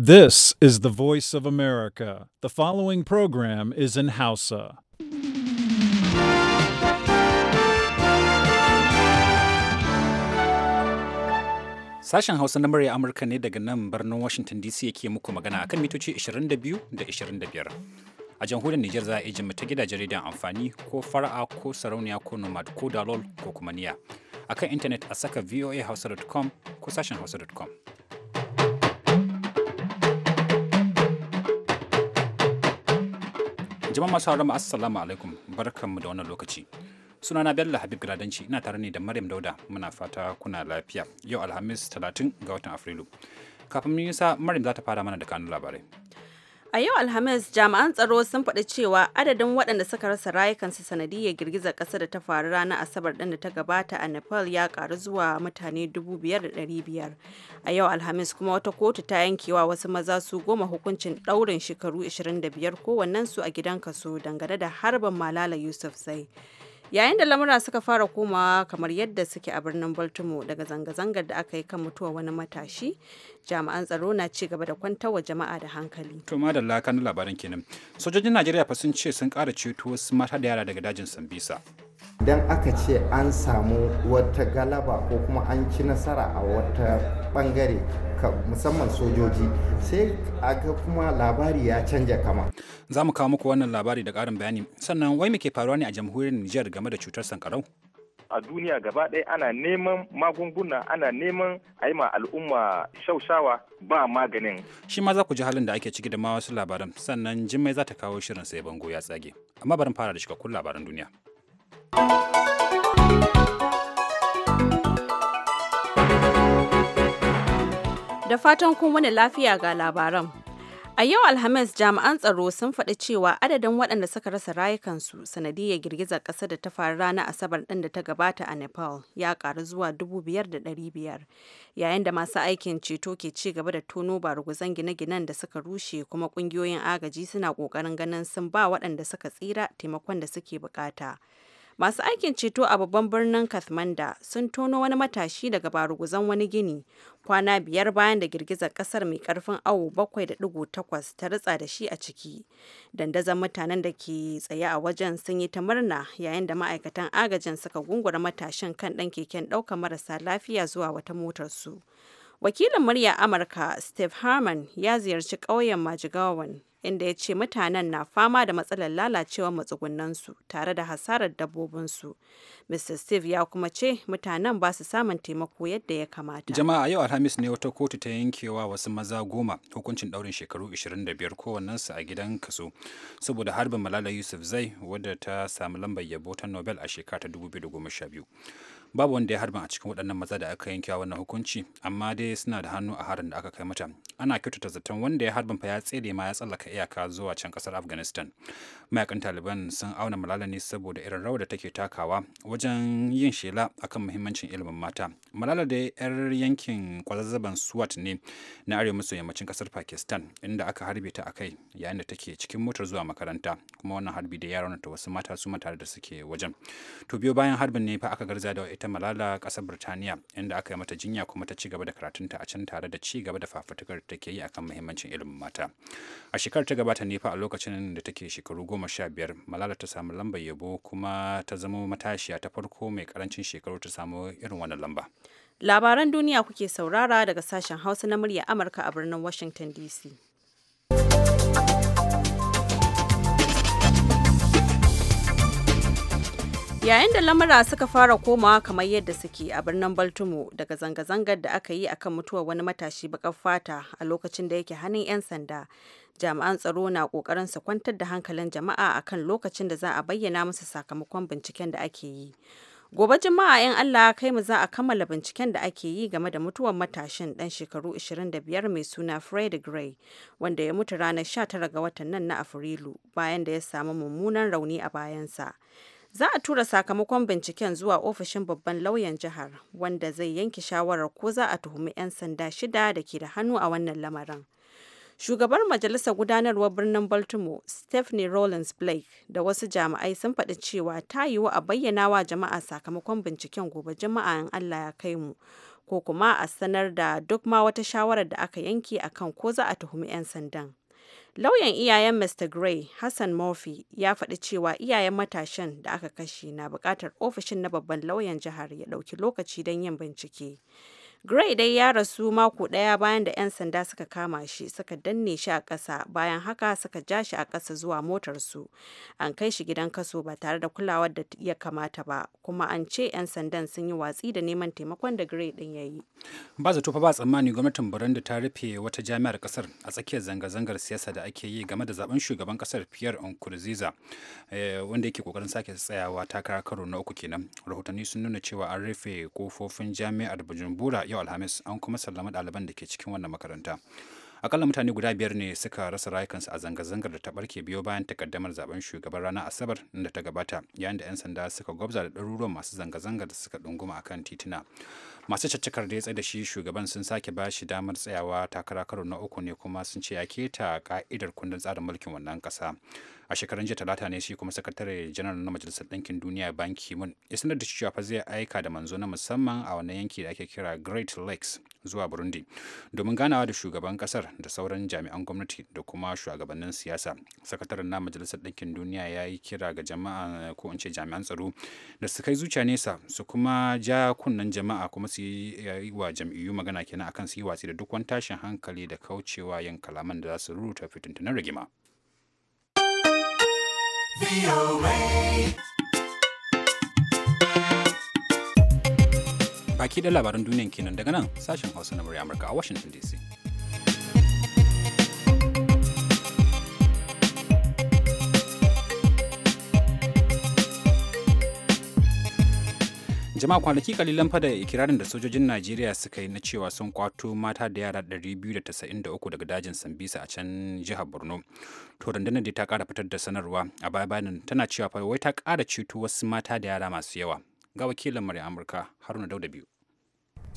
This is the voice of America. The following program is in Hausa. Sashen Hausa na murya Amurka ne daga nan birnin Washington DC yake muku magana akan mitoci 22 da 25. A jamhuriyar Nijar za a iya ta gidajen rediyon amfani ko fara'a ko sarauniya ko nomad ko dalol ko kuma niya. Akan intanet a saka voahausa.com ko sashen hausa.com. Jama'a masu haramu assalamu alaikum barkanmu da wannan lokaci. Sunana Bello Habib Gradanci ina tare ne da Maryam Dauda muna fata kuna lafiya yau Alhamis 30 ga watan Afrilu. Kafin mun yi sa Maryam za ta fara mana da kanun labarai. A yau Alhamis jami'an tsaro sun faɗi cewa adadin waɗanda suka rasa rayukansu sanadiyyar girgizar ƙasa da ta faru ranar Asabar ɗin da ta gabata a Nepal ya ƙaru zuwa mutane 5,500. A yau Alhamis kuma wata kotu ta yankewa wasu maza su goma hukuncin ɗaurin shekaru 25 kowannensu a gidan kaso dangane da harbin Malala Yusuf sai. yayin da lamura suka fara komawa kamar yadda suke a birnin baltimore daga zanga-zangar da aka yi kan mutuwa wani matashi jami'an tsaro na ci gaba da kwantarwa jama'a da hankali to da lakan labarin kenan sojojin najeriya fa sun ce sun kara ceto wasu mata da yara daga dajin sambisa idan aka ce an samu wata galaba ko kuma an ci nasara a wata bangare musamman sojoji sai a ga kuma labari ya canja kama za mu kawo muku wannan labari da karin bayani sannan wai muke faruwa ne a jamhuriyar Nijar game da cutar sankarau a duniya gaba ɗaya ana neman magunguna ana neman a yi ma al'umma shaushawa ba maganin. Shi ma za ku ji halin da ake ciki da ma wasu labaran sannan jimai za ta kawo shirin sai bango ya tsage. Amma bari fara da cikakkun labaran duniya. da fatan kun wani lafiya ga labaran. A yau Alhamis jami'an tsaro sun faɗi cewa adadin waɗanda suka rasa rayukansu sanadiyar girgizar ƙasa da ta faru ranar Asabar ɗin da ta gabata a Nepal ya ƙaru zuwa 5,500 yayin da masu aikin ceto ke ci gaba da tono ruguzan gine-ginen da suka rushe kuma ƙungiyoyin agaji suna ƙoƙarin ganin sun ba waɗanda suka tsira taimakon da suke buƙata. Masu aikin ceto a babban birnin Kathmanda sun tono wani matashi daga baruguzan wani gini kwana biyar bayan da girgizar kasar mai karfin awo 7.8 ta ritsa da shi a ciki. Dandazon mutanen da ke tsaye a wajen sun yi ta murna yayin da ma'aikatan agajin suka gungura matashin kan ɗan keken ɗaukar marasa lafiya zuwa wata motar su. Wakilin murya Amurka Steve Harman ya ziyarci ƙauyen Majigawan inda ya ce mutanen na fama da matsalar lalacewar su tare da hasarar dabbobinsu. Mr. Steve ya kuma ce mutanen ba su samun taimako yadda ya kamata. Jama'a yau Alhamis ne wata kotu ta yankewa wasu maza goma hukuncin daurin shekaru 25 kowannensu a gidan kaso saboda harbin Malala Yusuf Zai wadda ta samu lambar yabo ta Nobel a shekara ta 2012. babu wanda ya harba a cikin waɗannan maza da aka yanke wannan hukunci amma dai suna da hannu a harin da aka kai mata ana kyautata zaton wanda ya harba fa ya tsere ma ya tsallaka iyaka zuwa can kasar afghanistan mayakan taliban sun auna malala ne saboda irin rawar da take takawa wajen yin shela akan muhimmancin ilimin mata malala da yar yankin kwazazzaban swat ne na arewa maso yammacin kasar pakistan inda aka harbe ta a kai yayin da take cikin motar zuwa makaranta kuma wannan harbi da ya raunata wasu mata su tare da suke wajen to biyo bayan harbin ne fa aka garza da ita malala ƙasar birtaniya inda aka yi mata jinya kuma ta ci gaba da karatunta a can tare da ci gaba da fafutukar da take yi akan muhimmancin ilimin mata a shekarar ta gabata ne fa a lokacin da take shekaru goma sha biyar malala ta samu lambar yabo kuma ta zama matashiya ta farko mai karancin shekaru ta samu irin wannan lamba labaran duniya kuke saurara daga sashen hausa na murya amurka a birnin washington dc Yayin da lamura suka fara komawa kamar yadda suke a birnin Baltimore daga zanga-zangar da aka yi akan mutuwar wani matashi bakar fata a lokacin da yake hannun 'yan sanda. Jami'an tsaro na kokarin su kwantar da hankalin jama'a a kan lokacin da za a bayyana musu sakamakon binciken da ake yi. Gobe Juma'a ‘yan Allah kai mu za a kammala binciken da ake yi game da mutuwar matashin dan shekaru 25 mai suna Fred Gray, wanda ya mutu ranar 19 ga watan nan na Afrilu bayan da ya samu mummunan rauni a bayansa. Za a tura sakamakon binciken zuwa ofishin babban lauyan jihar wanda zai yanke shawarar ko za a tuhumi 'yan sanda shida da ke da hannu a wannan lamarin. Shugabar Majalisar Gudanarwar Birnin Baltimore, Stephanie rollins Blake, da wasu jami'ai sun faɗi cewa ta yiwu a bayyana wa jama'a sakamakon binciken gobe jama'a in Allah ya kai mu, ko kuma a sanar da duk ma wata shawarar da aka yanke akan ko za a tuhumi 'yan sandan. Lauyan iyayen Mr. Gray, Hassan Murphy, ya faɗi cewa iyayen matashen da aka kashe na buƙatar ofishin na babban lauyan jihar ya ɗauki lokaci don yin bincike. Gray dai ya rasu mako daya bayan da 'yan sanda suka kama shi suka danne shi a ƙasa bayan haka suka ja shi a ƙasa zuwa motarsu. An kai shi gidan kaso ba tare da kulawar da ya kamata ba kuma an ce 'yan sandan sun yi watsi da neman taimakon da Gray din ya yi. Ba zato fa ba tsammani gwamnatin Burundi ta rufe wata jami'ar ƙasar a tsakiyar zanga-zangar siyasa da ake yi game da zaben shugaban ƙasar Pierre Nkurunziza eh, wanda yake kokarin sake tsayawa takara karo na uku kenan. Rahotanni sun nuna cewa an rufe kofofin jami'ar Bujumbura yau alhamis an kuma sallama ɗaliban da ke cikin wannan makaranta akalla mutane guda biyar ne suka rasa rayukansu a zanga-zangar da ta barke biyo bayan takaddamar zaben shugaban ranar asabar da ta gabata yayin da 'yan sanda suka gwabza da ɗaruruwan masu zanga-zangar da suka ɗunguma a kan tituna masu caccakar da ya tsaye da shi shugaban sun sake ba shi damar tsayawa takara karo na uku ne kuma sun ce ya keta ka'idar kundin tsarin mulkin wannan ƙasa a shekaran jiya talata ne shi kuma sakatare janar na majalisar ɗinkin duniya banki mun ya da cewa fa zai aika da manzo na musamman a wannan yanki da ake kira great lakes zuwa burundi domin ganawa da shugaban kasar da sauran jami'an gwamnati da kuma shugabannin siyasa sakataren na majalisar ɗinkin duniya ya yi kira ga jama'a ko in ce jami'an tsaro da su kai zuciya nesa su kuma ja kunnen jama'a kuma su yi wa jam'iyyu magana kenan akan su yi watsi da duk wani tashin hankali da kaucewa yin kalaman da za su rubuta fitintunan rigima. Baki da labaran duniyan kenan daga nan sashen Hausa na murya Amurka a Washington DC. jama'a kwanaki kalilan fada ikirarin da sojojin najeriya suka yi na cewa sun kwato mata da yara 293 daga dajin sambisa a can jihar borno to rundunar da ta kara fitar da sanarwa a baya bayanin tana cewa fa wai ta kara ceto wasu mata da yara masu yawa ga wakilin murya amurka haruna dauda biyu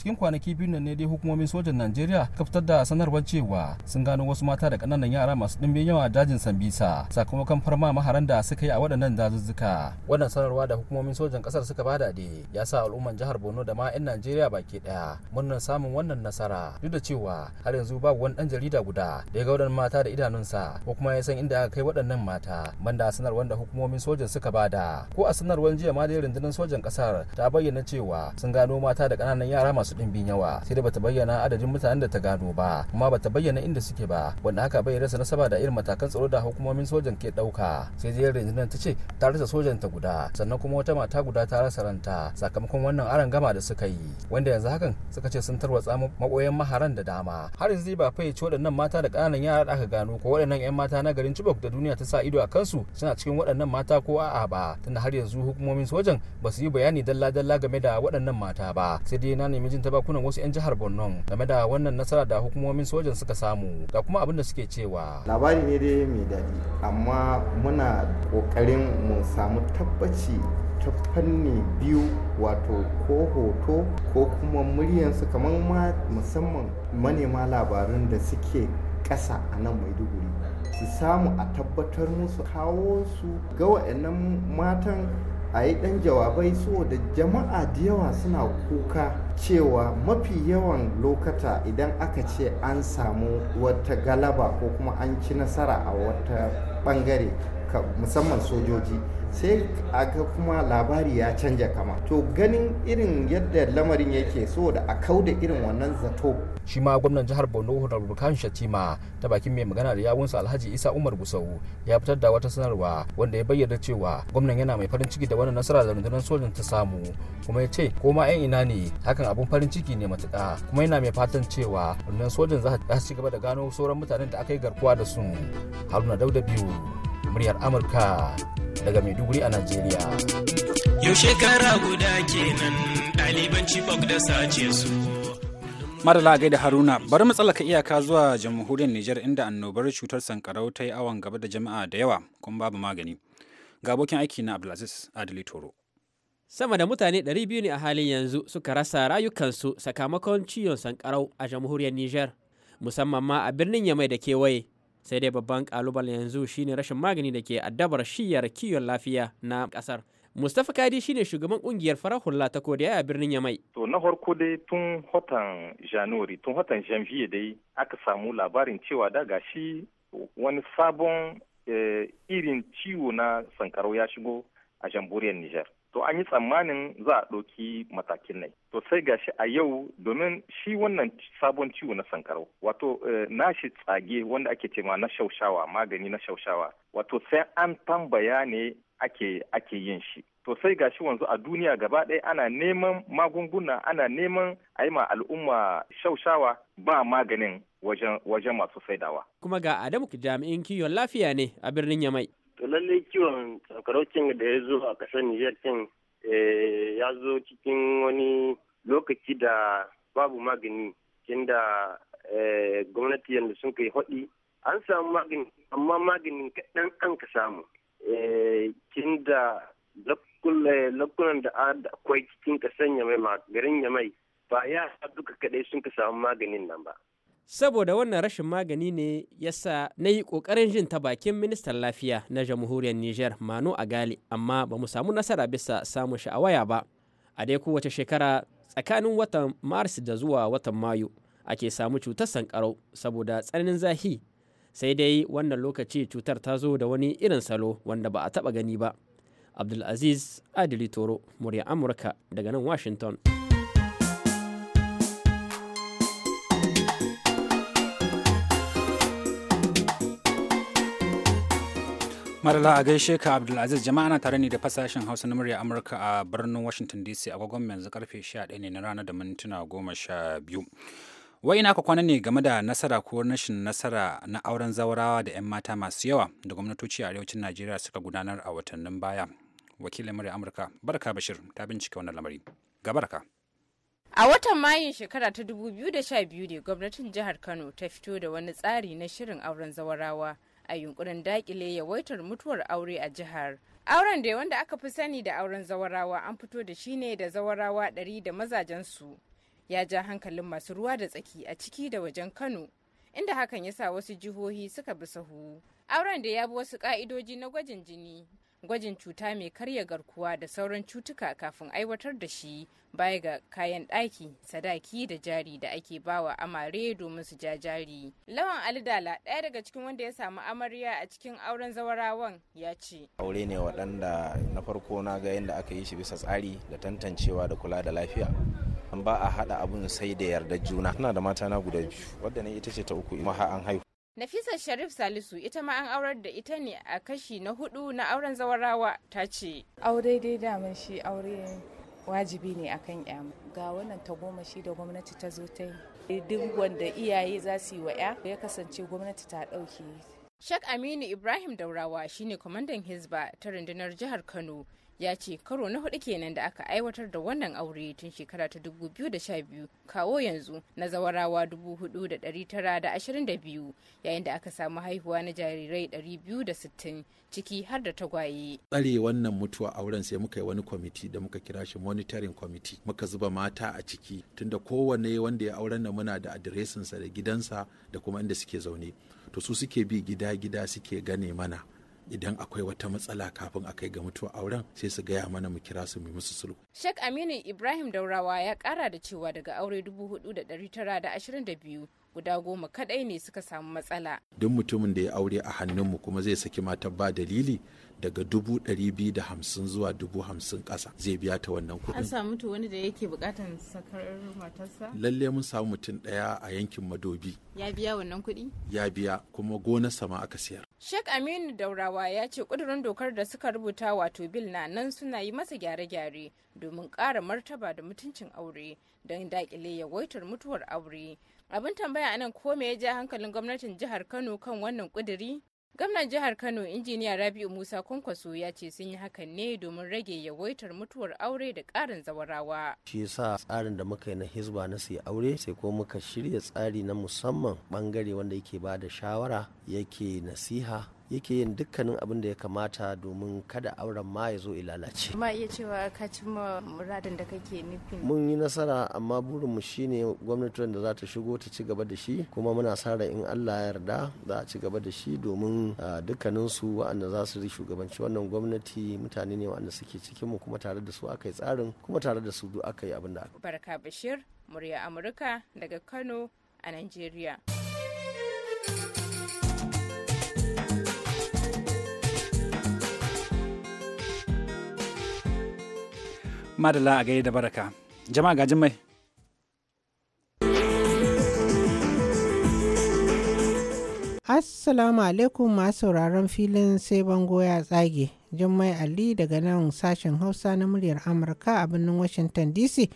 cikin kwanaki biyu ne dai hukumomin sojan najeriya ka fitar da sanarwar cewa sun gano wasu mata da ƙananan yara masu ɗimbin yawa dajin sambisa sakamakon farma maharan da suka yi a waɗannan dazuzzuka wannan sanarwa da hukumomin sojan ƙasar suka bada da ya sa al'umman jihar borno da ma 'yan najeriya baki ɗaya murnar samun wannan nasara duk da cewa har yanzu babu wani ɗan jarida guda da ya ga waɗannan mata da idanunsa ko kuma ya san inda aka kai waɗannan mata banda sanarwar da hukumomin sojan suka bada ko a sanarwar jiya ma da rundunar sojan ƙasar ta bayyana cewa sun gano mata da ƙananan yara masu masu ɗimbin yawa sai da bata bayyana adadin mutanen da ta gano ba kuma bata bayyana inda suke ba wanda haka bai rasa nasaba da irin matakan tsaro da hukumomin sojan ke ɗauka sai dai rundunar ta ce ta rasa sojan ta guda sannan kuma wata mata guda ta rasa ranta sakamakon wannan aron gama da suka yi wanda yanzu hakan suka ce sun tarwatsa makoyan maharan da dama har yanzu ba yace waɗannan mata da ƙananan yara da aka gano ko waɗannan 'yan mata na garin Chibok da duniya ta sa ido a kansu suna cikin waɗannan mata ko a'a ba tunda har yanzu hukumomin sojan ba su yi bayani dalla-dalla game da waɗannan mata ba sai dai na nemi jin tabakunan wasu 'yan jihar borno game da wannan nasara da hukumomin sojan suka samu ga kuma abin da suke cewa labari ne dai mai daɗi amma muna ƙoƙarin mu samu tabbaci ta fanni biyu wato ko hoto ko kuma muryansu kamar ma musamman manema labarun da suke ƙasa a nan maiduguri su samu a tabbatar musu kawo su ga waɗannan matan a yi ɗan jawabai saboda jama'a da yawa suna kuka cewa mafi yawan lokata idan aka ce an samu wata galaba ko kuma an ci nasara a wata ɓangare ka musamman sojoji sai ga kuma labari ya canja kama to ganin irin yadda lamarin yake so da a da irin wannan zato shi ma gwamnan jihar borno honorable kan shatima ta bakin mai magana da yawunsa alhaji isa umar gusau ya fitar da wata sanarwa wanda ya bayyana cewa gwamnan yana mai farin ciki da wannan nasara da rundunar sojan ta samu kuma ya ce ko ma yan ina ne hakan abun farin ciki ne matuƙa kuma yana mai fatan cewa rundunar sojan za su ci gaba da gano sauran mutanen da aka yi garkuwa da su haruna dauda biyu muryar amurka daga maiduguri a najeriya yau shekara guda kenan ɗaliban chibok da sace su madala gaida haruna bari mu iyaka zuwa jamhuriyar nijar inda annobar cutar sankarau ta yi awon gaba da jama'a da yawa kuma babu magani ga abokin aiki na abdulaziz adili toro sama da mutane 200 ne a halin yanzu suka rasa rayukansu sakamakon ciwon sankarau a jamhuriyar nijar musamman ma a birnin yamai da kewaye sai dai babban kalubalen yanzu shine rashin magani da ke addabar shiyar kiwon lafiya na kasar Mustapha Kadi shine shugaban kungiyar farar hula ta Kodiya a birnin Yamai. To na farko dai tun watan January tun watan Janvier dai aka samu labarin cewa da gashi wani sabon eh, irin ciwo na sankarau ya shigo a jamhuriyar Nijar. to an yi tsammanin za a ɗauki matakin nai to sai gashi a yau domin shi wannan sabon ciwo na sankarau wato eh, nashi tsage wanda ake ce ma na shaushawa magani na shaushawa wato sai an tambaya ne ake ake yin shi to sai gashi wanzu a duniya gaba ɗaya ana neman magunguna ana neman a yi ma al'umma shaushawa ba maganin wajen masu saidawa. Kuma ga Adamu jami'in kiwon lafiya ne a birnin Yamai. to lalle kiwon sakaraucin da ya zo a kasar niger kin eh, ya zo cikin wani lokaci da babu magani da eh, gwamnati yadda sun kai hodi an samu magani amma maganin kaɗan an ka samu eh, da lakunan da akwai cikin kasan yamai ma garin yamai ba ya duka kaɗai sun ka samu maganin nan ba saboda wannan rashin magani ne ya sa na yi ƙoƙarin jin ta bakin ministan lafiya na jamhuriyar niger manu agali amma ba mu samu nasara bisa samun waya ba a dai kowace shekara tsakanin watan maris da zuwa watan mayu ake samu cutar sankarau saboda tsananin zahi sai dai wannan lokaci cutar ta zo da wani irin salo wanda ba a taɓa gani ba abdulaziz adili toro murya amurka daga nan washington marala a gaishe ka Abdulaziz jama'a na tare ne da fasashen Hausa na murya Amurka a birnin Washington DC agogon yanzu karfe 11 ne na ranar da mintuna 12. Wai ina ka kwana ne game da nasara ko rashin nasara na auren zawarawa da 'yan mata masu yawa da gwamnatoci a arewacin Najeriya suka gudanar a watannin baya. Wakilin murya Amurka Barka Bashir ta bincike wannan lamari. Ga barka. A watan Mayun shekara ta 2012 ne gwamnatin jihar Kano ta fito da wani tsari na shirin auren zawarawa. a yunkurin dakile yawaitar mutuwar aure a jihar. Auren da wanda aka fi sani da auren zawarawa an fito da shi ne da zawarawa ɗari da mazajensu. Ya ja hankalin masu ruwa da tsaki a ciki da wajen Kano, inda hakan ya sa wasu jihohi suka bi sahu. Auren da ya bi wasu ƙa'idoji na gwajin jini gwajin cuta mai karya garkuwa da sauran cutuka kafin aiwatar da shi baya ga kayan ɗaki sadaki da jari da ake bawa amare domin su ja jari lawan alidala ɗaya daga cikin wanda ya samu amarya a cikin auren zawarawan ya ce aure ne waɗanda na farko na ga yadda aka yi shi bisa tsari da tantancewa da kula da lafiya an ba a haɗa abun sai da yarda juna tana da mata na guda biyu wadda ne ita ce ta uku maha an haihu Nafisa Sharif Salisu ita ma an aurar da ita ne a kashi na hudu na auren zawarawa ta ce. Aure dai da shi aure wajibi ne akan ya ga wannan ta goma shi da gwamnati ta zo ta yi duk wanda iyaye za su yi wa ya ya kasance gwamnati ta ɗauke Shak Aminu Ibrahim Daurawa shine kwamandan Hizba ta rundunar jihar Kano ya ce karo na hudu kenan da aka aiwatar da wannan aure tun shekara ta 2012 kawo yanzu na zawarawa 4,922 yayin da aka samu haihuwa na jarirai 260 ciki har da tagwaye. Tsare wannan mutuwa auren sai muka yi wani kwamiti da muka kira shi monitoring committee muka zuba mata a ciki tunda kowane wanda ya auren da muna da adiresinsa da gidansa da kuma inda suke zaune to su suke bi gida gida suke gane mana idan akwai wata matsala kafin a kai ga mutuwa auren sai su gaya mana mu kira su mai musu sulhu. Sheikh Aminu Ibrahim Daurawa ya kara da cewa daga aure 4,922 guda goma kadai ne suka samu matsala. Duk mutumin da ya aure a hannunmu kuma zai saki mata ba dalili daga dubu ɗari biyu da hamsin zuwa dubu hamsin ƙasa zai biya ta wannan kudin. An samu to wani da yake buƙatar sakar matarsa? Lalle mun samu mutum ɗaya a yankin Madobi. Ya biya wannan kuɗi? Ya biya kuma gona sama aka siyar. Sheikh Aminu Daurawa ya ce ƙudurin dokar da suka rubuta wato bil na nan suna yi masa gyare-gyare domin kara martaba da mutuncin aure don dakile yawaitar mutuwar aure. Abin tambaya anan ko me ya ja hankalin gwamnatin jihar Kano kan wannan ƙuduri? Gwamnan jihar Kano injiniya Rabi'u Musa Kwankwaso ya ce sun yi hakan ne domin rage yawaitar mutuwar aure da karin zawarawa. Shi yasa tsarin da muka yi na hizba na sai aure sai ko muka shirya tsari na musamman bangare wanda yake ba da shawara yake nasiha yake yin dukkanin abin da ya kamata domin kada auren ma ya zo lalace. ma iya cewa ka cimma muradin da kake nufi mun yi nasara amma burinmu shine gwamnatin da za ta shigo ta ci gaba da shi kuma muna sa ran in Allah ya yarda za a ci gaba da shi domin dukkanin su waɗanda za su shugabanci wannan gwamnati mutane ne waɗanda suke cikin mu kuma tare da su aka yi tsarin kuma tare da su duk aka yi abin da aka barka bashir murya amurka daga kano a nigeria madala a gaida baraka jama'a gajin mai Assalamu alaikum masu sauraron filin sai bango ya tsage. Jummai Ali daga nan sashen Hausa na muryar Amurka a birnin Washington DC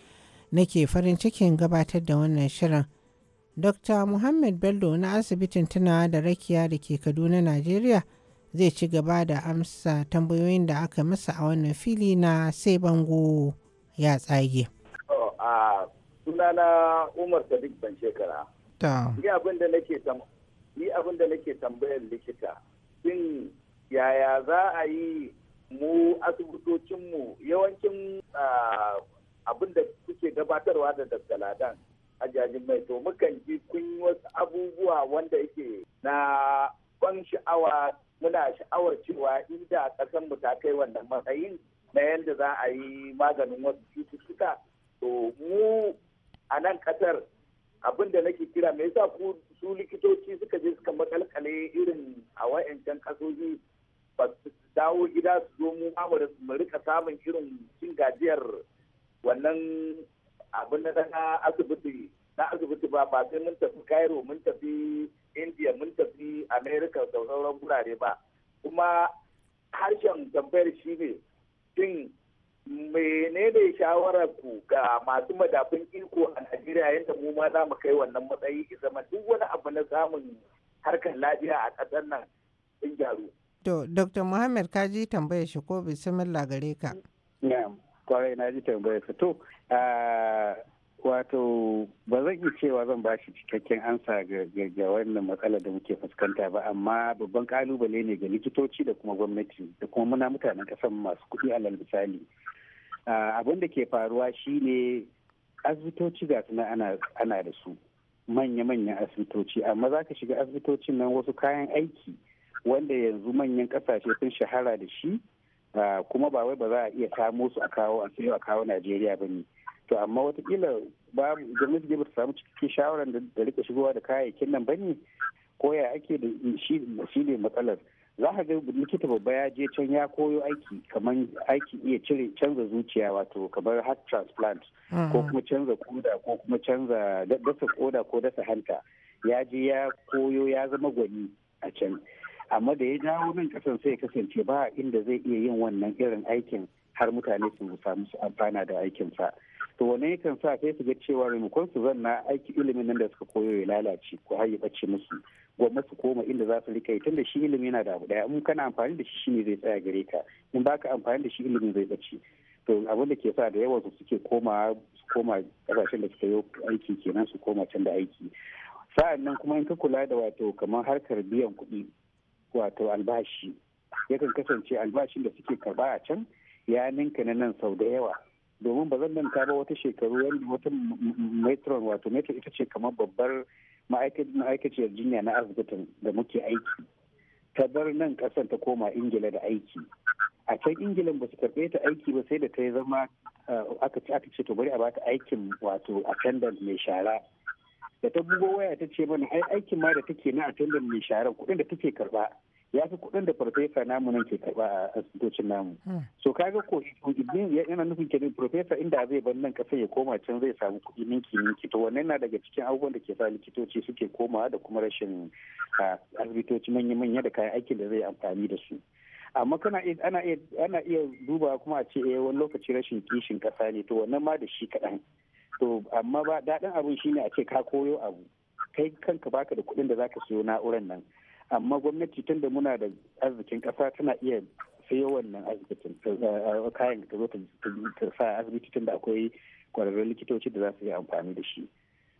nake farin cikin gabatar da wannan shirin. Dr. Muhammad Bello na asibitin tunawa da rakiya da ke Kaduna, Najeriya zai ci gaba da amsa tambayoyin da aka masa a wannan fili na sai bango ya tsage. sunana Umar Sadiq ban shekara. Ni abin da nake tambayar likita shin yaya za a yi mu mu yawancin abin da kuke gabatarwa da daskaladan a jajin mai to mukan ji kun yi wasu abubuwa wanda yake na ban sha'awa muna sha'awar cewa inda ƙasar mu ta kai wannan matsayin na yadda za a yi maganin wasu cututtuka to mu a nan ƙasar abin da nake kira me yasa ku su likitoci suka je suka makalkale irin a wa'ancan kasoji ba su dawo gida su zo mu amurka mu rika samun irin cin gajiyar wannan abin na asibiti na asibiti ba ba sai mun tafi cairo mun tafi india mun tafi america da sauran gurare ba kuma harshen tambayar shi ne shin menene shawarar ku ga masu madafin iko a najeriya yadda mu ma za mu kai wannan matsayi zama duk wani abu na samun harkar lafiya a ƙasar nan sun gyaru. to dr muhammad kaji tambaya shi ko bisimila gare ka. na'am kwarai na ji tambaya to ah, wato ba zan yi cewa zan ba shi cikakken ansa ga wannan matsalar da muke fuskanta ba amma babban kalubale ne ga likitoci da kuma gwamnati da kuma muna mutanen kasan masu kuɗi alal misali abin da ke faruwa shine asibitoci ga suna ana da su manya-manyan asibitoci amma za ka shiga asibitocin nan wasu kayan aiki wanda yanzu manyan kasashe sun shahara da shi kuma ba wai ba za a iya samo su a kawo a kawo najeriya ba ne to amma watakila ba gwamnati ba ta samu cikakken shawarar da rika shigowa da kayayyakin nan bane ko ya ake da shi ne matsalar za ka ga likita babba ya je can ya koyo aiki kamar aiki iya cire canza zuciya wato kamar heart transplant ko kuma canza koda ko kuma canza dasa koda ko dasa hanta ya je ya koyo ya zama gwani a can amma da ya dawo nan kasan sai kasance ba inda zai iya yin wannan irin aikin har mutane su samu su amfana da aikin aikinsa to wane yakan sa sai su ga cewa maimakon su zanna aiki ilimin nan da suka koyo ya lalace ko har ya bace musu gwamnati su koma inda za su rika yi tunda shi ilimi yana da abu daya in kana amfani da shi shine zai tsaya gare ka in baka amfani da shi ilimin zai bace to abin da ke sa da yawan su suke koma su koma kasashen da suka yi aiki kenan su koma can da aiki sa'an nan kuma in ka kula da wato kamar harkar biyan kuɗi wato albashi yakan kasance albashin da suke karba a can ya ninka na nan sau da yawa domin ba zan manta ba wata shekaru wanda wata metron wato metro ita ce kamar babbar ma'aikaciyar jinya na asibitin da muke aiki ta bar nan kasan ta koma ingila da aiki a can ingilan ba su karɓe ta aiki ba sai da ta yi zama eh, aka ce aka ce to bari a bata aikin wato attendant mai shara da ta bugo waya ta ce mana ai aikin ma da take na attendant mai shara kuɗin da take karɓa ya fi kuɗin da farfesa namu nan ke karɓa a asibitocin namu hmm. so kaga ko yana nufin kenan farfesa inda zai bar nan kasa ya koma can zai samu kuɗi ninki ninki to wannan na daga cikin abubuwan da ke sa likitoci suke komawa da kuma rashin asibitoci manya-manya da kayan aikin da zai amfani da su amma kana ana iya ana iya duba kuma a ce eh wani lokaci rashin kishin kasa ne to wannan ma da shi kaɗan to amma ba daɗin abin shine a ce ka koyo abu kai kanka baka da kuɗin da zaka siyo na'urar nan amma gwamnati tun da muna da arzikin kasa tana iya sayo wannan asibitin eh, kayan da zo ta sa asibiti tun da akwai kwararrun likitoci da za su yi amfani da shi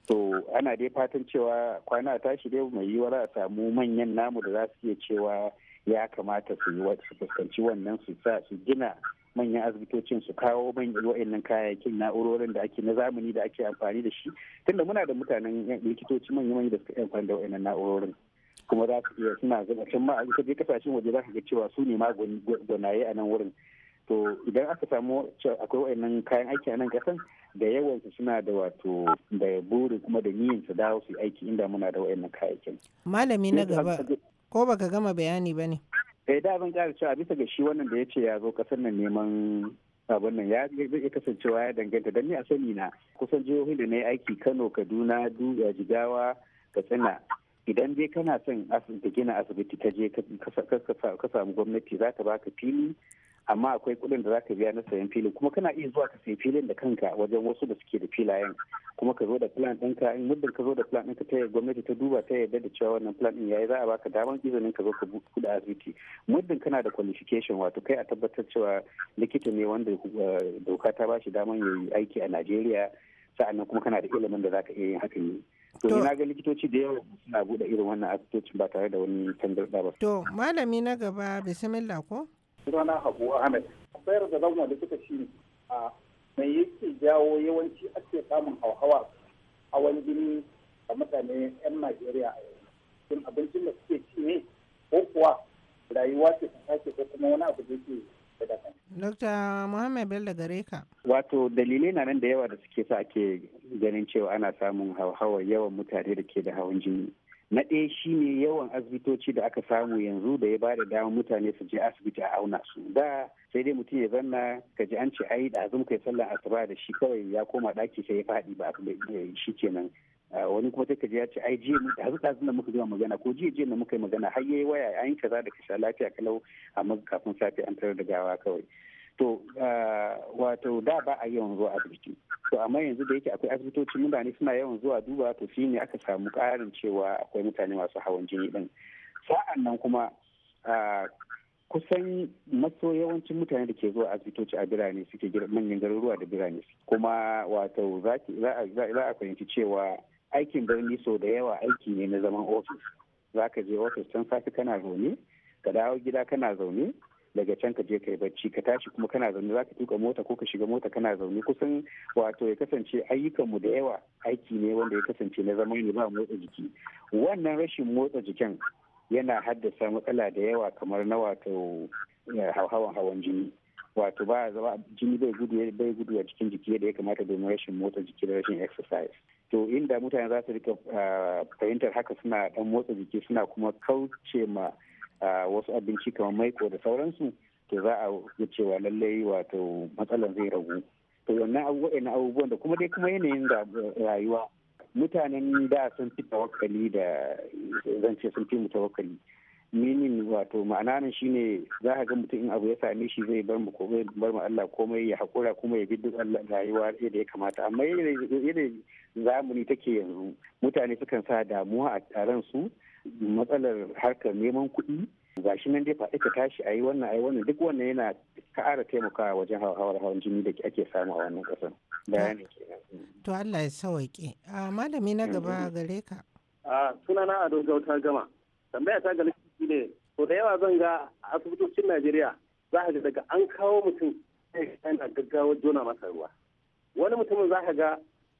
to ana dai fatan cewa kwana tashi dai mai yiwuwa za a samu manyan namu da za su iya cewa ya kamata su yi su fuskanci wannan su sa su gina manyan asibitocin su kawo manyan wa'annan kayayyakin na'urorin da ake na zamani da ake amfani da shi tunda muna da mutanen likitoci manya manyan da suka amfani da wa'annan na'urorin kuma za su iya suna gabashin ma a je kasashen waje za ka ga cewa su ne ma gwanaye a nan wurin to idan aka samu akwai wayannan kayan aiki a nan kasan da yawan su suna da wato da buri kuma da niyyar su dawo su aiki inda muna da wayannan kayayyakin malami na gaba ko baka gama bayani ba ne eh da ban ƙara cewa bisa ga shi wannan da ya ce ya zo kasar nan neman abin nan ya zai kasancewa ya danganta don ni a sani na kusan jihohin da na yi aiki kano kaduna duga jigawa katsina idan dai kana son asibiti gina asibiti ka je ka samu gwamnati za ta baka fili amma akwai kuɗin da za ka biya na sayan filin kuma kana iya zuwa ka sayi filin da kanka wajen wasu da suke da filayen kuma ka zo da plan ɗinka in muddin ka zo da plan ɗinka ta gwamnati ta duba ta yarda da cewa wannan plan ɗin yayi za a baka damar izinin ka zo ka buɗe asibiti muddin kana da qualification wato kai a tabbatar cewa likita ne wanda eh, doka ta bashi damar yayi aiki a Najeriya sa'annan kuma kana da ilimin da za ka iya yin hakan ne to na ga likitoci da yawa suna buɗe irin wannan asibitocin ba tare da wani tambar ba to malami na gaba bismillah ko sunana habu ahmed Akwai da zan wanda suka shi a mai yake jawo yawanci ake samun hauhawa a wani jini a mutane yan najeriya a yanzu abincin da suke ci ne ko kuwa rayuwa ce ta sake ko kuma wani abu da yake Dr. Bello gare Wato dalilai na nan da yawa da suke sa ake ganin cewa ana samun hauhawar yawan mutane da ke da hawan jini. Na ɗaya shi ne yawan asibitoci da aka samu yanzu da ya bada damar mutane su je asibiti a auna su. Da sai dai mutum ya zanna ka ji an ce ai da azum kai sallar asuba da shi kawai ya koma ɗaki sai ya faɗi ba shi kenan. Eh, wani kuma sai ka ji ya ce ai jiya da hazu ɗazu da muka gama magana ko jiya jiya na muka yi magana har yayi waya an kaza da kasha lafiya kalau amma kafin safe an tarar da gawa kawai to eh, wato da ba a yawan zuwa asibiti to amma yanzu da yake akwai asibitoci mutane suna yawan zuwa duba to shi ne aka samu karin cewa akwai mutane masu hawan jini din sa'an nan kuma eh, kusan maso yawancin mutane da ke zuwa asibitoci a birane suke manyan garuruwa da birane kuma wato za a fahimci cewa aikin birni sau da yawa aiki ne na zaman ofis za ka je ofis can safe kana zaune ka dawo gida kana zaune daga can ka je kai bacci ka tashi kuma kana zaune za ka tuka mota ko ka shiga mota kana zaune kusan wato ya kasance ayyukanmu da yawa aiki ne wanda ya kasance na zaman ne ba motsa jiki wannan rashin motsa jikin yana haddasa matsala da yawa kamar na wato eh, hawan hawan jini wato ba jini bai gudu bai gudu a cikin jiki da ya kamata domin rashin motsa jiki da rashin exercise to inda mutane za su rika ah, fahimtar haka suna dan motsa jiki suna kuma kauce ma ah, wasu abinci kamar maiko da sauransu to za a ga cewa lallai wato matsalar zai ragu to wannan abubuwan abubuwan da kuma dai kuma yanayin eh, rayuwa mutanen da sun fi tawakkali da zan ce sun fi mu tawakkali meaning wato ma'ana nan shine za ka ga mutum in abu ya same shi zai bar mu komai bar mu Allah komai ya hakura kuma ya bi duk Allah rayuwa yadda ya kamata amma yadda zamani take yanzu mutane sukan sa damuwa a ransu matsalar harkar neman kuɗi gashi shi nan dai faɗi ka tashi a yi wannan a yi wannan duk wannan yana ƙara taimakawa wajen hawar hawan jini da ake samu a wannan ƙasar bayani kenan. to Allah ya a ah, malami na mm, gaba mm. gare ka. Ah, sunana ado gauta gama tambaya ta ga ne to da yawa zan ga asibitocin najeriya za ka ga daga an kawo mutum yana gaggawa jona masa ruwa wani mutumin za ka ga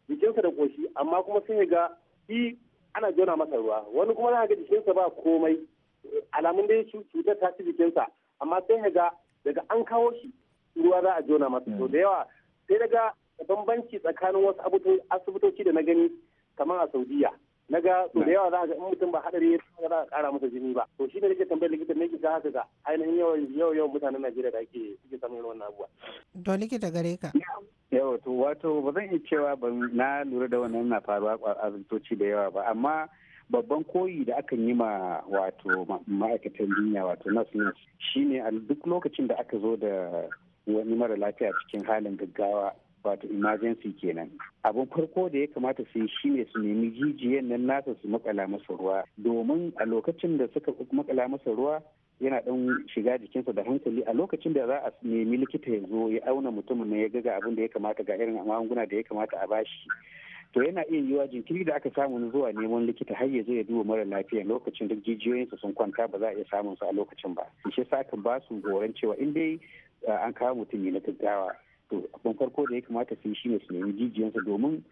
jikinsa da koshi amma kuma sai ga shi ana jona masa ruwa wani kuma za ka ga jikinsa ba komai alamun dai cutar ta ci jikinsa amma sai ka ga daga an kawo shi ruwa za a jona masa to da yawa sai daga bambanci tsakanin wasu asibitoci da na gani kamar a saudiya na ga so da yawa za ga in mutum ba hadari ya tsaya za a kara masa jini ba to shi ne nake tambayar likita me ke haka ga ainihin yawan yau yau mutanen Najeriya da ake suke samun irin wannan abubuwa to likita gare ka yau to wato ba zan iya cewa ba na lura da wannan na faruwa a asibitoci da yawa ba amma babban koyi da akan yi ma wato ma'aikatan duniya wato nas nas shine a duk lokacin da aka zo da wani mara lafiya cikin halin gaggawa wato emergency kenan abin farko da ya kamata su yi shine su nemi jijiyan nan nasa su makala masa ruwa domin a lokacin da suka makala masa ruwa yana dan shiga jikinsa da hankali a lokacin da za a nemi likita ya zo ya auna mutumin nan ya ga abin da ya kamata ga irin magunguna da ya kamata a bashi to yana iya yiwa jinkiri da aka samu zuwa neman likita har ya zo ya duba mara lafiya lokacin duk jijiyoyinsa sun kwanta ba za a iya samun su a lokacin ba shi yasa aka ba su horon cewa in dai an kawo mutum ne na gaggawa to abin farko da ya kamata su shi shine su nemi jijiyansa domin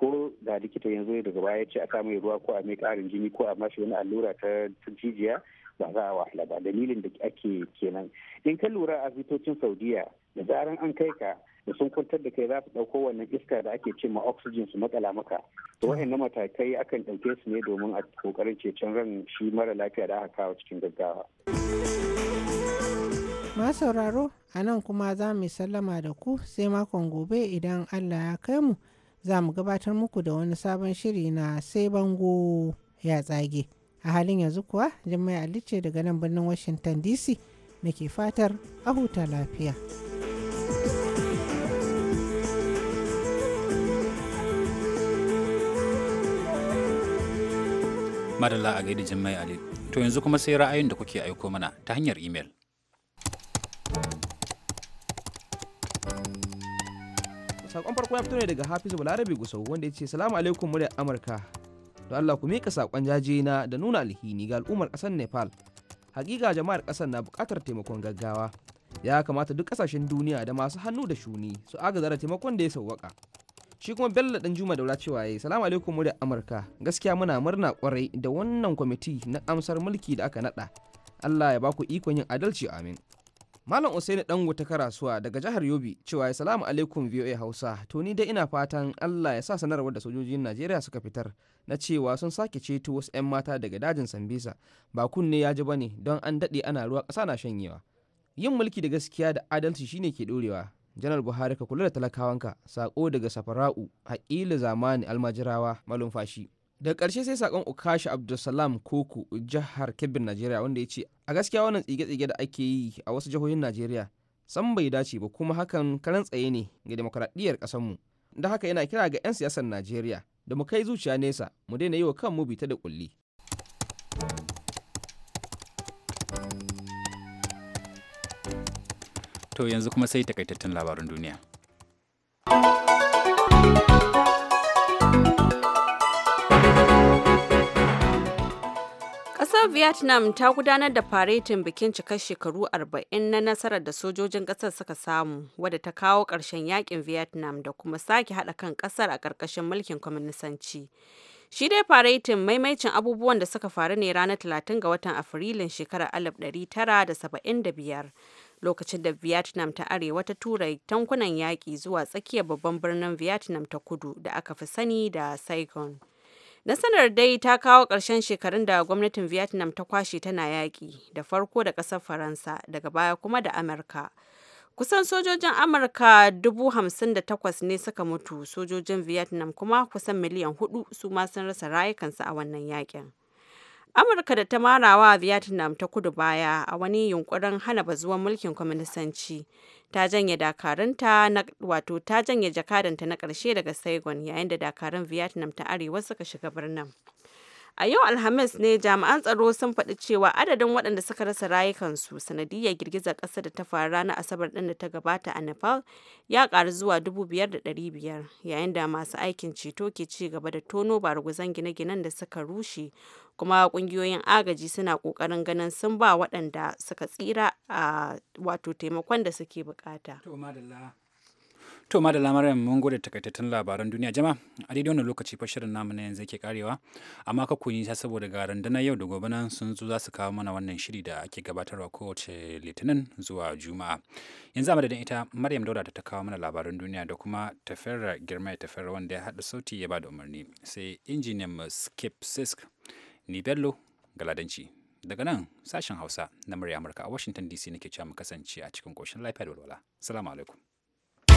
ko da likita yanzu daga baya ya ce a mai ruwa ko a mai karin jini ko a mashi wani allura ta jijiya ba za a wahala ba dalilin da ake kenan in ka lura a asibitocin saudiya da zaran an kai ka da sun kwantar da kai za su ɗauko wannan iska da ake ce ma oxygen su matsala maka to na matakai akan ɗauke su ne domin a kokarin can ran shi mara lafiya da aka kawo cikin gaggawa. ma sauraro a nan kuma za mu sallama da ku sai makon gobe idan allah ya kai mu za mu gabatar muku da wani sabon shiri na sai bango ya tsage a halin yanzu kuwa jimai alice daga nan birnin washington dc nake fatar a huta lafiya. madalla a gaida jimai ali to yanzu kuma sai ra'ayin da kuke aiko mana ta hanyar imel sakon farko ya fito ne daga hafizu balarabe gusau wanda ya ce salamu alaikum muryar amurka don allah ku mika sakon jaje na da nuna alhini ga al'ummar kasar nepal hakika jama'ar kasar na bukatar taimakon gaggawa ya kamata duk kasashen duniya da masu hannu da shuni su agaza da taimakon da ya sauwaka shi kuma bello dan juma daula cewa yi salamu alaikum muryar amurka gaskiya muna murna kwarai da wannan kwamiti na amsar mulki da aka nada allah ya baku ikon yin adalci amin Malam Usaini Dango ta karasuwa daga jihar Yobe cewa ya salamu alaikum VOA Hausa to ni dai ina fatan Allah ya sa sanarwar da sojojin Najeriya suka fitar na cewa sun sake ceto wasu 'yan mata daga dajin Sambisa ba kunne ya ji bane don an dade ana ruwa ƙasa na shanyewa. Yin mulki da gaskiya da adalci shine ke ɗorewa. Janar Buhari ka kula da talakawanka sako daga Safara'u Haƙila Zamani Almajirawa Malumfashi. da karshe sai sakon ukashi abdulsalam koko jihar kebbi najeriya wanda ya ce a gaskiya wannan tsige-tsige da ake yi a wasu jihohin najeriya san bai dace ba kuma hakan karan tsaye ne ga demokuraɗiyyar ƙasarmu da haka yana kira ga 'yan siyasar najeriya da mu kai zuciya nesa mu daina yi wa kanmu bita da kulli to yanzu kuma sai takaitattun labarin duniya. Vietnam ta gudanar da faretin bikin cikar shekaru 40 na nasarar da sojojin kasar suka samu, wadda ta kawo ƙarshen yakin Vietnam da kuma sake haɗa kan ƙasar a ƙarƙashin mulkin kwaminisanci. Shi dai faretin maimaicin abubuwan da suka faru ne ranar 30 ga watan Afrilun shekarar 1975. lokacin da Vietnam ta arewa ta tura tankunan yaƙi zuwa tsakiyar babban birnin Vietnam ta kudu da aka fi sani da Saigon. Nasarar dai ta kawo ƙarshen shekarun da gwamnatin Vietnam ta kwashe tana yaƙi da farko da ƙasar Faransa daga baya kuma da Amurka. Kusan sojojin Amurka dubu hamsin da takwas ne suka mutu, sojojin Vietnam kuma kusan miliyan hudu su ma sun rasa rayukansu a wannan yaƙin. Amurka da ta marawa Vietnam ta kudu baya a wani yunkurin hana bazuwan mulkin kwaminisanci. ta janye dakarunta na wato ta janye jakadanta na ƙarshe daga Saigon yayin da dakarun Vietnam ta Arewa suka shiga birnin. A yau Alhamis ne jami'an tsaro sun faɗi cewa adadin waɗanda suka rasa rayukansu sanadiyar girgizar ƙasa da ta faru ranar Asabar ɗin da ta gabata a Nepal ya ƙaru zuwa 5,500 yayin da masu aikin ceto ke ci gaba da tono baraguzan gine-ginen da suka rushe kuma ƙungiyoyin agaji suna ƙoƙarin ganin sun ba waɗanda suka tsira a wato taimakon da suke bukata. To ma da lamarin mun gode takaitattun labaran duniya jama a daidai wannan lokaci fa shirin namu na yanzu yake karewa amma ka kuni ta saboda ga na yau da gobe nan sun zo za su kawo mana wannan shiri da ake gabatarwa kowace litinin zuwa juma'a yanzu a madadin ita maryam dauda da ta kawo mana labaran duniya da kuma tafera girma ya tafera wanda ya haɗa sauti ya ba da umarni sai injiniyan mu skip sisk ni bello galadanci daga nan sashen hausa na murya amurka a washington dc nake cewa mu kasance a cikin koshin lafiya da walwala salamu alaikum